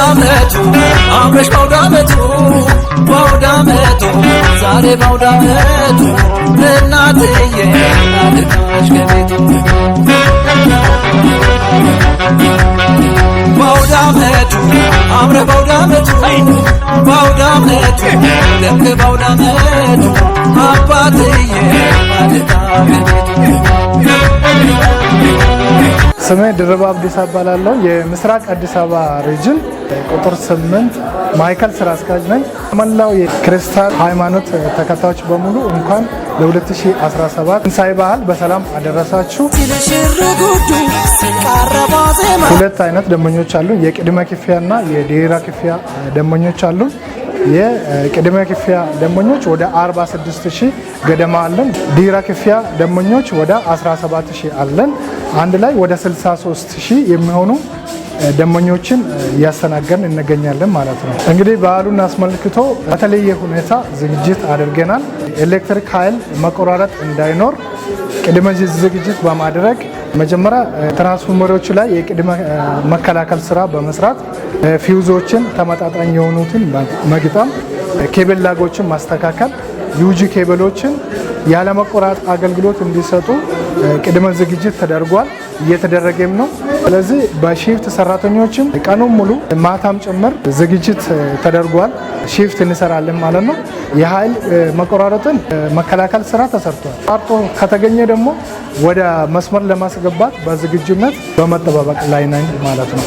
ባውዳመቱ አብረሽ ባውዳመቱ ባውዳመቱ ዛሬ ባውዳመቱ እናትዬ ናድርጋሽ ከቤቱ ባውዳመቱ አምረ ባውዳመቱ ባውዳመቱ ደግ ባውዳመቱ አባትዬ ናድርጋ ከቤቱ ስሜ ድርባ አብዲሳ እባላለሁ። የምስራቅ አዲስ አበባ ሪጅን ቁጥር ስምንት ማዕከል ስራ አስኪያጅ ነኝ። መላው የክርስቲያን ሃይማኖት ተከታዮች በሙሉ እንኳን ለ2017 ትንሳኤ በዓል በሰላም አደረሳችሁ። ሁለት አይነት ደንበኞች አሉ። የቅድመ ክፍያ እና የድህረ ክፍያ ደንበኞች አሉ። የቅድመ ክፍያ ደንበኞች ወደ 46 ሺህ ገደማ አለን። ድህረ ክፍያ ደንበኞች ወደ 17 ሺህ አለን። አንድ ላይ ወደ 63 ሺህ የሚሆኑ ደንበኞችን እያስተናገርን እንገኛለን ማለት ነው። እንግዲህ በዓሉን አስመልክቶ በተለየ ሁኔታ ዝግጅት አድርገናል። ኤሌክትሪክ ኃይል መቆራረጥ እንዳይኖር ቅድመ ዝግጅት በማድረግ መጀመሪያ ትራንስፎርመሮች ላይ የቅድመ መከላከል ስራ በመስራት ፊውዞችን ተመጣጣኝ የሆኑትን መግጠም፣ ኬብል ላጎችን ማስተካከል፣ ዩጂ ኬብሎችን ያለመቆራጥ አገልግሎት እንዲሰጡ ቅድመ ዝግጅት ተደርጓል፣ እየተደረገም ነው። ስለዚህ በሺፍት ሰራተኞችም ቀኑም ሙሉ ማታም ጭምር ዝግጅት ተደርጓል። ሺፍት እንሰራለን ማለት ነው። የኃይል መቆራረጥን መከላከል ስራ ተሰርቷል። ቋርጦ ከተገኘ ደግሞ ወደ መስመር ለማስገባት በዝግጁነት በመጠባበቅ ላይ ነን ማለት ነው።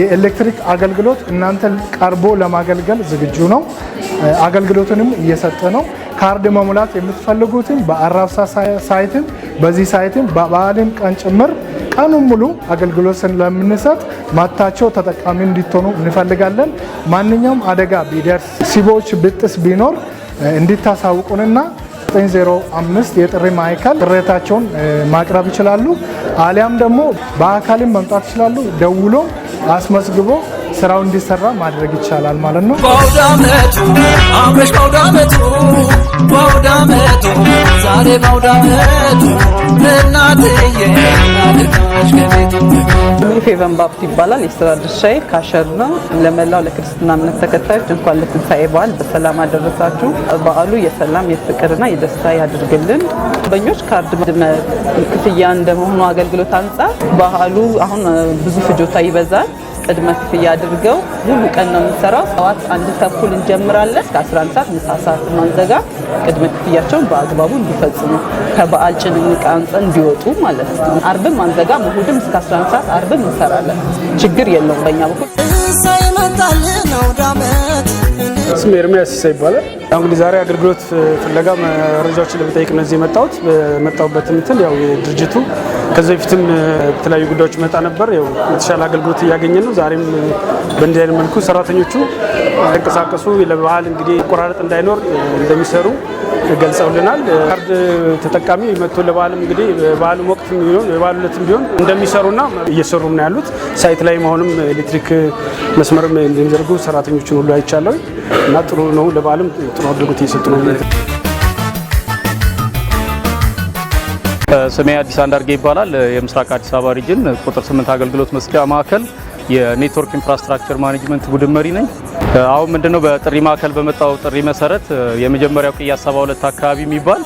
የኤሌክትሪክ አገልግሎት እናንተ ቀርቦ ለማገልገል ዝግጁ ነው። አገልግሎትንም እየሰጠ ነው። ካርድ መሙላት የምትፈልጉትን በአራብሳ ሳይትም በዚህ ሳይትም በበዓልም ቀን ጭምር ቀኑን ሙሉ አገልግሎት ስለምንሰጥ ማታቸው ተጠቃሚ እንዲትሆኑ እንፈልጋለን። ማንኛውም አደጋ ቢደርስ፣ ሲቦች ብጥስ ቢኖር እንዲታሳውቁንና 905 የጥሪ ማዕከል ቅሬታቸውን ማቅረብ ይችላሉ። አሊያም ደግሞ በአካልም መምጣት ይችላሉ። ደውሎ አስመዝግቦ ስራው እንዲሰራ ማድረግ ይቻላል ማለት ነው። ፌቨን ይባላል። የስራ ድርሻዬ ካሸር ነው። ለመላው ለክርስትና እምነት ተከታዮች እንኳን ለትንሳኤ በዓል በሰላም አደረሳችሁ። በዓሉ የሰላም የፍቅርና የደስታ ያድርግልን። በኞች ካርድ ክፍያ እንደመሆኑ አገልግሎት አንጻር በዓሉ አሁን ብዙ ፍጆታ ይበዛል። ቅድመ ክፍያ አድርገው ሙሉ ቀን ነው የምንሰራው። ሰዋት አንድ ተኩል እንጀምራለን ከ 11 ሰዓት ምሳ ሰዓት ማንዘጋ ቅድመ ክፍያቸውን በአግባቡ እንዲፈጽሙ ከበዓል ጭንቅ አንጸን እንዲወጡ ማለት ነው። አርብም አንዘጋ፣ እሁድም እስከ 11 ሰዓት አርብም እንሰራለን። ችግር የለውም በእኛ በኩል ሳይመጣል ነው ዳመት ስም ኤርሚያስ ሲሳይ ይባላል። እንግዲህ ዛሬ አገልግሎት ፍለጋ መረጃዎችን ለመጠየቅ ነው እዚህ የመጣሁት። በመጣሁበት ምትል ያው ድርጅቱ ከዚህ በፊትም የተለያዩ ጉዳዮች መጣ ነበር። ያው የተሻለ አገልግሎት እያገኘ ነው። ዛሬም በእንዲህ አይነት መልኩ ሰራተኞቹ ተንቀሳቀሱ ለበዓል እንግዲህ ቆራረጥ እንዳይኖር እንደሚሰሩ ገልጸውልናል። ካርድ ተጠቃሚ መጥቶ ለበዓልም እንግዲህ በዓሉም ወቅት ቢሆን የበዓሉ ዕለትም ቢሆን እንደሚሰሩና እየሰሩ ነው ያሉት። ሳይት ላይ መሆንም ኤሌክትሪክ መስመርም እንደሚዘርጉ ሰራተኞችን ሁሉ አይቻለሁ እና ጥሩ ነው። ለበዓልም ጥሩ አድርጎት እየሰጡ ነው። ስሜ አዲስ አንዳርጌ ይባላል። የምስራቅ አዲስ አበባ ሪጅን ቁጥር ስምንት አገልግሎት መስጫ ማዕከል የኔትወርክ ኢንፍራስትራክቸር ማኔጅመንት ቡድን መሪ ነኝ። አሁን ምንድነው በጥሪ ማዕከል በመጣው ጥሪ መሰረት የመጀመሪያው ቅያስ 72 አካባቢ የሚባል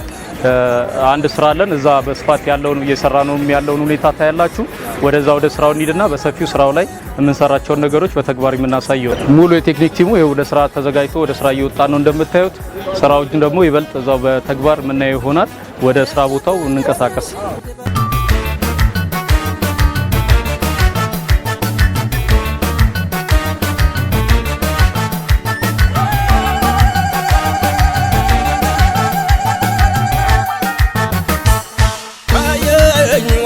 አንድ ስራ አለን። እዛ በስፋት ያለውን እየሰራ ነው ያለውን ሁኔታ ታያላችሁ። ወደዛ ወደ ስራው እንሂድና በሰፊው ስራው ላይ የምንሰራቸውን ነገሮች በተግባር የምናሳየው ሙሉ የቴክኒክ ቲሙ ይኸው ለስራ ተዘጋጅቶ ወደ ስራ እየወጣ ነው እንደምታዩት። ስራዎችን ደግሞ ይበልጥ እዛው በተግባር የምናየው ይሆናል። ወደ ስራ ቦታው እንንቀሳቀስ።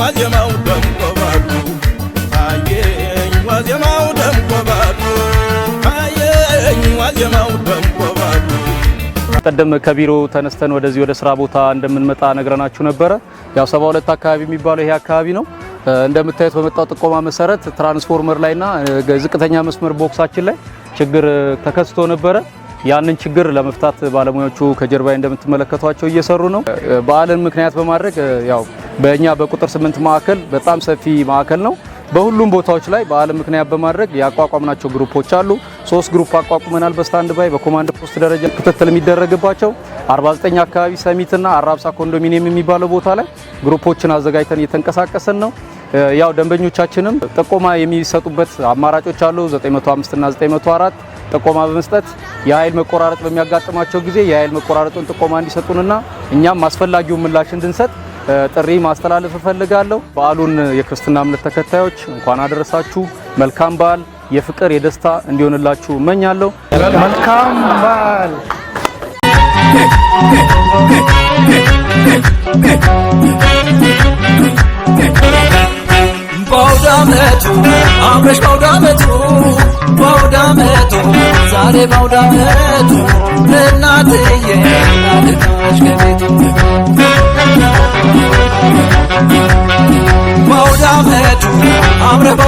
ዋዜማው ደምቆ ባሉ ታየኝ ዋዜማው ደምቆ ባሉ ታየኝ ዋዜማው ደምቆ ባሉ ቀደም ከቢሮ ተነስተን ወደዚህ ወደ ስራ ቦታ እንደምንመጣ ነግረናችሁ ነበረ። ያው ሰባ አካባቢ የሚባለው ይሄ አካባቢ ነው። እንደምታዩት በመጣው ጥቆማ መሰረት ትራንስፎርመር ላይና ዝቅተኛ መስመር ቦክሳችን ላይ ችግር ተከስቶ ነበረ። ያንን ችግር ለመፍታት ባለሙያዎቹ ከጀርባ እንደምትመለከቷቸው እየሰሩ ነው። በዓልን ምክንያት በማድረግ ያው በእኛ በቁጥር ስምንት ማዕከል በጣም ሰፊ ማዕከል ነው። በሁሉም ቦታዎች ላይ በዓለም ምክንያት በማድረግ ያቋቋምናቸው ግሩፖች አሉ። ሶስት ግሩፕ አቋቁመናል። በስታንድ ባይ በኮማንድ ፖስት ደረጃ ክትትል የሚደረግባቸው 49 አካባቢ ሰሚትና አራብሳ ኮንዶሚኒየም የሚባለው ቦታ ላይ ግሩፖችን አዘጋጅተን እየተንቀሳቀሰን ነው። ያው ደንበኞቻችንም ጥቆማ የሚሰጡበት አማራጮች አሉ። 905 እና 904 ጥቆማ በመስጠት የኃይል መቆራረጥ በሚያጋጥማቸው ጊዜ የኃይል መቆራረጡን ጥቆማ እንዲሰጡንና እኛም አስፈላጊውን ምላሽ እንድንሰጥ ጥሪ ማስተላለፍ እፈልጋለሁ። በዓሉን የክርስትና እምነት ተከታዮች እንኳን አደረሳችሁ። መልካም በዓል የፍቅር የደስታ እንዲሆንላችሁ እመኛለሁ። መልካም በዓል። ባውዳመቱ አብረሽ ባውዳመቱ ባውዳመቱ ዛሬ ባውዳመቱ እናትዬ ናልቃሽ ከቤቱ አብዮት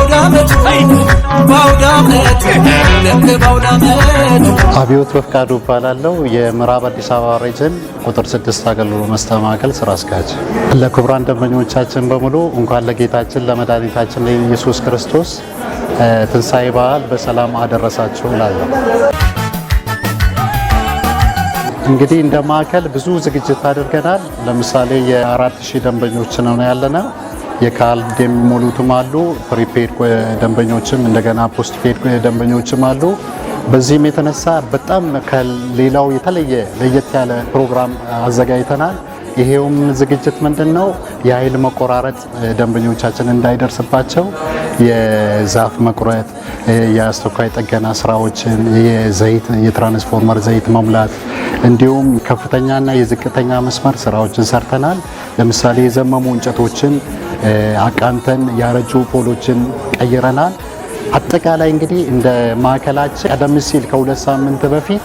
በፍቃዱ እባላለሁ። የምዕራብ አዲስ አበባ ሬጅን ቁጥር ስድስት አገልግሎት መስጠት ማዕከል ስራ አስኪያጅ። ለክቡራን ደንበኞቻችን በሙሉ እንኳን ለጌታችን ለመድኃኒታችን ለኢየሱስ ክርስቶስ ትንሣኤ በዓል በሰላም አደረሳችሁ እላለሁ። እንግዲህ እንደ ማዕከል ብዙ ዝግጅት አድርገናል። ለምሳሌ የአራት ሺህ ደንበኞች ነው ያለነው የካርድ የሚሞሉትም አሉ። ፕሪፔድ ደንበኞችም እንደገና ፖስትፔድ ደንበኞችም አሉ። በዚህም የተነሳ በጣም ከሌላው የተለየ ለየት ያለ ፕሮግራም አዘጋጅተናል። ይሄውም ዝግጅት ምንድን ነው? የኃይል መቆራረጥ ደንበኞቻችን እንዳይደርስባቸው የዛፍ መቁረጥ፣ የአስቸኳይ ጥገና ስራዎችን፣ የዘይት የትራንስፎርመር ዘይት መሙላት እንዲሁም ከፍተኛና የዝቅተኛ መስመር ስራዎችን ሰርተናል። ለምሳሌ የዘመሙ እንጨቶችን አቃንተን ያረጁ ፖሎችን ቀይረናል። አጠቃላይ እንግዲህ እንደ ማዕከላችን ቀደም ሲል ከሁለት ሳምንት በፊት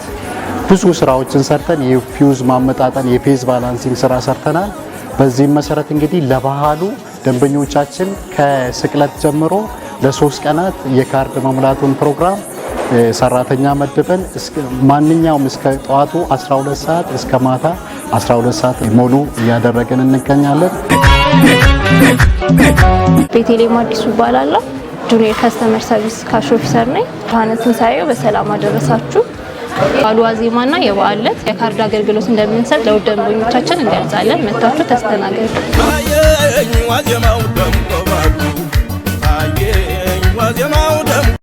ብዙ ስራዎችን ሰርተን የፊውዝ ማመጣጠን የፌዝ ባላንሲንግ ስራ ሰርተናል። በዚህም መሰረት እንግዲህ ለባህሉ ደንበኞቻችን ከስቅለት ጀምሮ ለሶስት ቀናት የካርድ መሙላቱን ፕሮግራም ሰራተኛ መድበን ማንኛውም እስከ ጠዋቱ 12 ሰዓት እስከ ማታ 12 ሰዓት ሙሉ እያደረገን እንገኛለን። ቤቴሌም አዲሱ እባላለሁ። ጁኒየር ከስተመር ሰርቪስ ካሽ ኦፊሰር ነኝ። ብርሃነ ትንሳኤው በሰላም አደረሳችሁ። በዓሉ ዋዜማና የበዓል ዕለት የካርድ አገልግሎት እንደምንሰጥ ለውድ ደንበኞቻችን እንገልጻለን። መታችሁ ተስተናገዱ።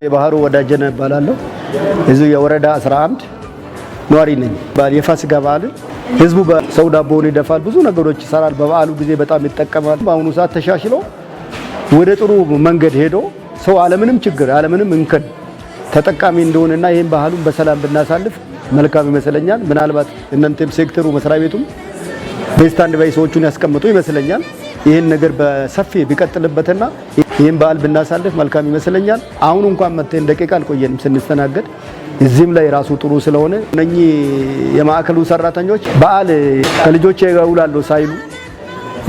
የባህሩ ወዳጀነ እባላለሁ። እዚሁ የወረዳ 11 ነዋሪ ነኝ። የፋሲካ በዓልን ህዝቡ በሰው ዳቦውን ይደፋል፣ ብዙ ነገሮች ይሰራል፣ በበዓሉ ጊዜ በጣም ይጠቀማል። በአሁኑ ሰዓት ተሻሽሎ ወደ ጥሩ መንገድ ሄዶ ሰው አለምንም ችግር አለምንም እንከን ተጠቃሚ እንደሆነና ይህን ባህሉን በሰላም ብናሳልፍ መልካም ይመስለኛል። ምናልባት እናንተም ሴክተሩ መስሪያ ቤቱም በስታንድ ባይ ሰዎቹን ያስቀምጡ ይመስለኛል። ይህን ነገር በሰፊ ቢቀጥልበትና ይህም በዓል ብናሳልፍ መልካም ይመስለኛል። አሁን እንኳን መተን ደቂቃ አልቆየንም ስንስተናገድ እዚህም ላይ ራሱ ጥሩ ስለሆነ እነኚህ የማዕከሉ ሰራተኞች በዓል ከልጆች ውላለሁ ሳይሉ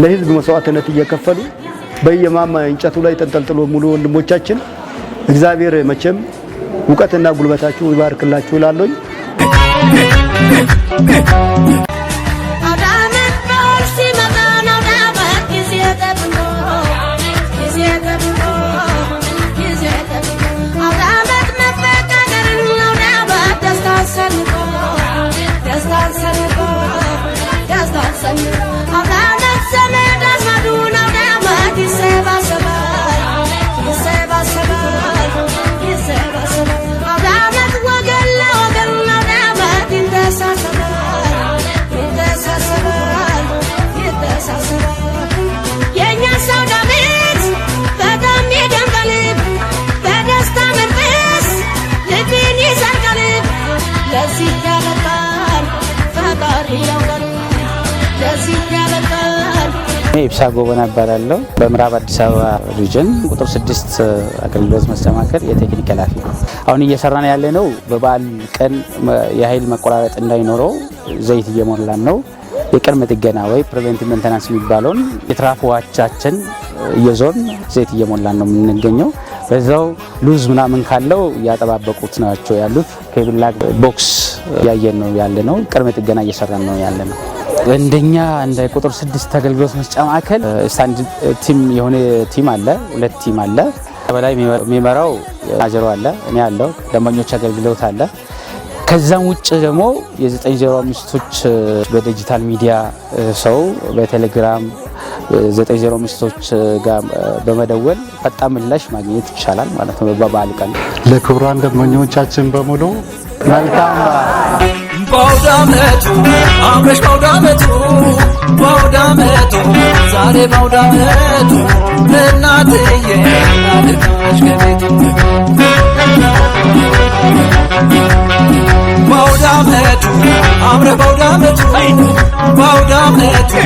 ለህዝብ መስዋዕትነት እየከፈሉ በየማማ እንጨቱ ላይ ተንጠልጥሎ ሙሉ ወንድሞቻችን እግዚአብሔር መቼም እውቀትና ጉልበታችሁ ይባርክላችሁ ላለኝ። Under ስሜ ኢብሳ ጎበና እባላለሁ። በምዕራብ አዲስ አበባ ሪጅን ቁጥር ስድስት አገልግሎት መስጫ ማዕከል የቴክኒክ ኃላፊ ነው። አሁን እየሰራን ያለ ነው። በበዓል ቀን የኃይል መቆራረጥ እንዳይኖረው ዘይት እየሞላን ነው። የቅድመ ጥገና ወይ ፕሪቨንቲቭ ሜንተናንስ የሚባለውን የትራፎቻችን እየዞን ዘይት እየሞላን ነው የምንገኘው። በዛው ሉዝ ምናምን ካለው እያጠባበቁት ናቸው ያሉት። ከብላክ ቦክስ እያየን ነው ያለ ነው። ቅድመ ጥገና እየሰራን ነው ያለ ነው። እንደኛ እንደ ቁጥር ስድስት አገልግሎት መስጫ ማዕከል ስታንድ ቲም የሆነ ቲም አለ፣ ሁለት ቲም አለ። በላይ የሚመራው ናጀሮ አለ፣ እኔ አለው፣ ደንበኞች አገልግሎት አለ። ከዛም ውጭ ደግሞ የ905ቶች በዲጂታል ሚዲያ ሰው በቴሌግራም 905ቶች ጋር በመደወል ፈጣን ምላሽ ማግኘት ይቻላል ማለት ነው። በበዓል ቀን ለክቡራን ደንበኞቻችን በሙሉ መልካም በአውዳመቱ አብረሽ በአውዳመቱ በአውዳመቱ ዛሬ በአውዳመቱ እናትዬ አድርጋሽ ከቤቱ በአውዳመቱ አምረ በአውዳመቱ በአውዳመቱ